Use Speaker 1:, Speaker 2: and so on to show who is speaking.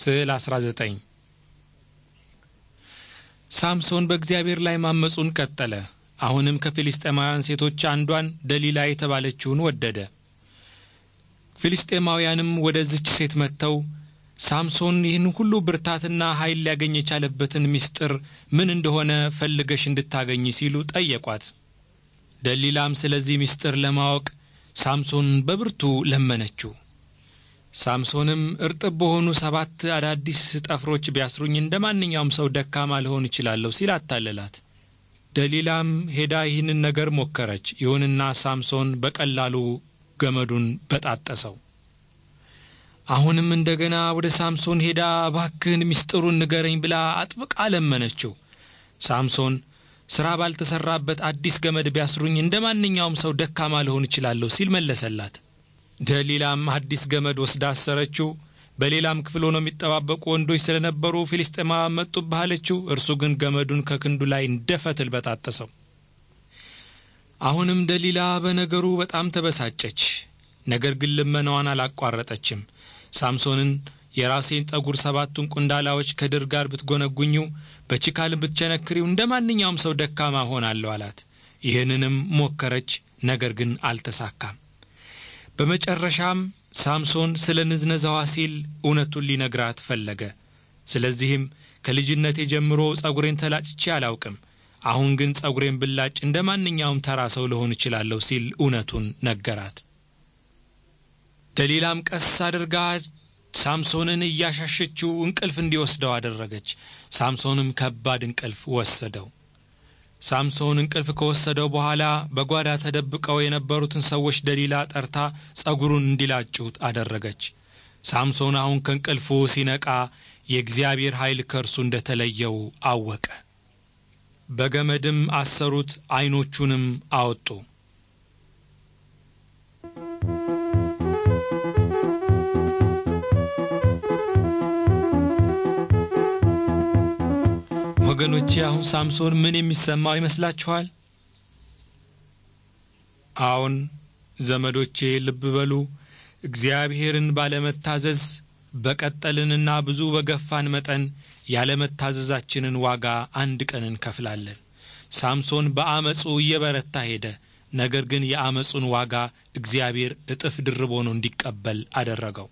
Speaker 1: ስዕል 19 ሳምሶን በእግዚአብሔር ላይ ማመፁን ቀጠለ። አሁንም ከፊልስጤማውያን ሴቶች አንዷን ደሊላ የተባለችውን ወደደ። ፊልስጤማውያንም ወደዚች ሴት መጥተው ሳምሶን ይህን ሁሉ ብርታትና ኃይል ሊያገኝ የቻለበትን ምስጢር ምን እንደሆነ ፈልገሽ እንድታገኝ ሲሉ ጠየቋት። ደሊላም ስለዚህ ምስጢር ለማወቅ ሳምሶን በብርቱ ለመነችው። ሳምሶንም እርጥብ በሆኑ ሰባት አዳዲስ ጠፍሮች ቢያስሩኝ እንደ ማንኛውም ሰው ደካማ ልሆን እችላለሁ ሲል አታለላት። ደሊላም ሄዳ ይህንን ነገር ሞከረች። ይሁንና ሳምሶን በቀላሉ ገመዱን በጣጠሰው። አሁንም እንደገና ወደ ሳምሶን ሄዳ እባክህን ምስጢሩን ንገረኝ ብላ አጥብቃ ለመነችው። ሳምሶን ሥራ ባልተሠራበት አዲስ ገመድ ቢያስሩኝ እንደ ማንኛውም ሰው ደካማ ልሆን እችላለሁ ሲል መለሰላት። ደሊላም አዲስ ገመድ ወስዳ አሰረችው። በሌላም ክፍል ሆኖ የሚጠባበቁ ወንዶች ስለነበሩ ፊልስጤማ መጡብህ አለችው። እርሱ ግን ገመዱን ከክንዱ ላይ እንደ ፈትል በጣጠሰው። አሁንም ደሊላ በነገሩ በጣም ተበሳጨች። ነገር ግን ልመናዋን አላቋረጠችም። ሳምሶንን የራሴን ጠጉር ሰባቱን ቁንዳላዎች ከድር ጋር ብትጎነጉኙ በችካልም ብትቸነክሪው እንደ ማንኛውም ሰው ደካማ ሆናለሁ አላት። ይህንንም ሞከረች፣ ነገር ግን አልተሳካም። በመጨረሻም ሳምሶን ስለ ንዝነዛዋ ሲል እውነቱን ሊነግራት ፈለገ። ስለዚህም ከልጅነቴ ጀምሮ ጸጉሬን ተላጭቼ አላውቅም፣ አሁን ግን ጸጉሬን ብላጭ እንደ ማንኛውም ተራ ሰው ልሆን እችላለሁ ሲል እውነቱን ነገራት። ደሊላም ቀስ አድርጋ ሳምሶንን እያሻሸችው እንቅልፍ እንዲወስደው አደረገች። ሳምሶንም ከባድ እንቅልፍ ወሰደው። ሳምሶን እንቅልፍ ከወሰደው በኋላ በጓዳ ተደብቀው የነበሩትን ሰዎች ደሊላ ጠርታ ጸጉሩን እንዲላጩት አደረገች። ሳምሶን አሁን ከእንቅልፉ ሲነቃ የእግዚአብሔር ኃይል ከእርሱ እንደ ተለየው አወቀ። በገመድም አሰሩት፣ ዐይኖቹንም አወጡ። ወገኖቼ አሁን ሳምሶን ምን የሚሰማው ይመስላችኋል? አሁን ዘመዶቼ ልብ በሉ፣ እግዚአብሔርን ባለመታዘዝ በቀጠልንና ብዙ በገፋን መጠን ያለመታዘዛችንን ዋጋ አንድ ቀን እንከፍላለን። ሳምሶን በአመፁ እየበረታ ሄደ። ነገር ግን የአመፁን ዋጋ እግዚአብሔር እጥፍ ድርብ ሆኖ እንዲቀበል አደረገው።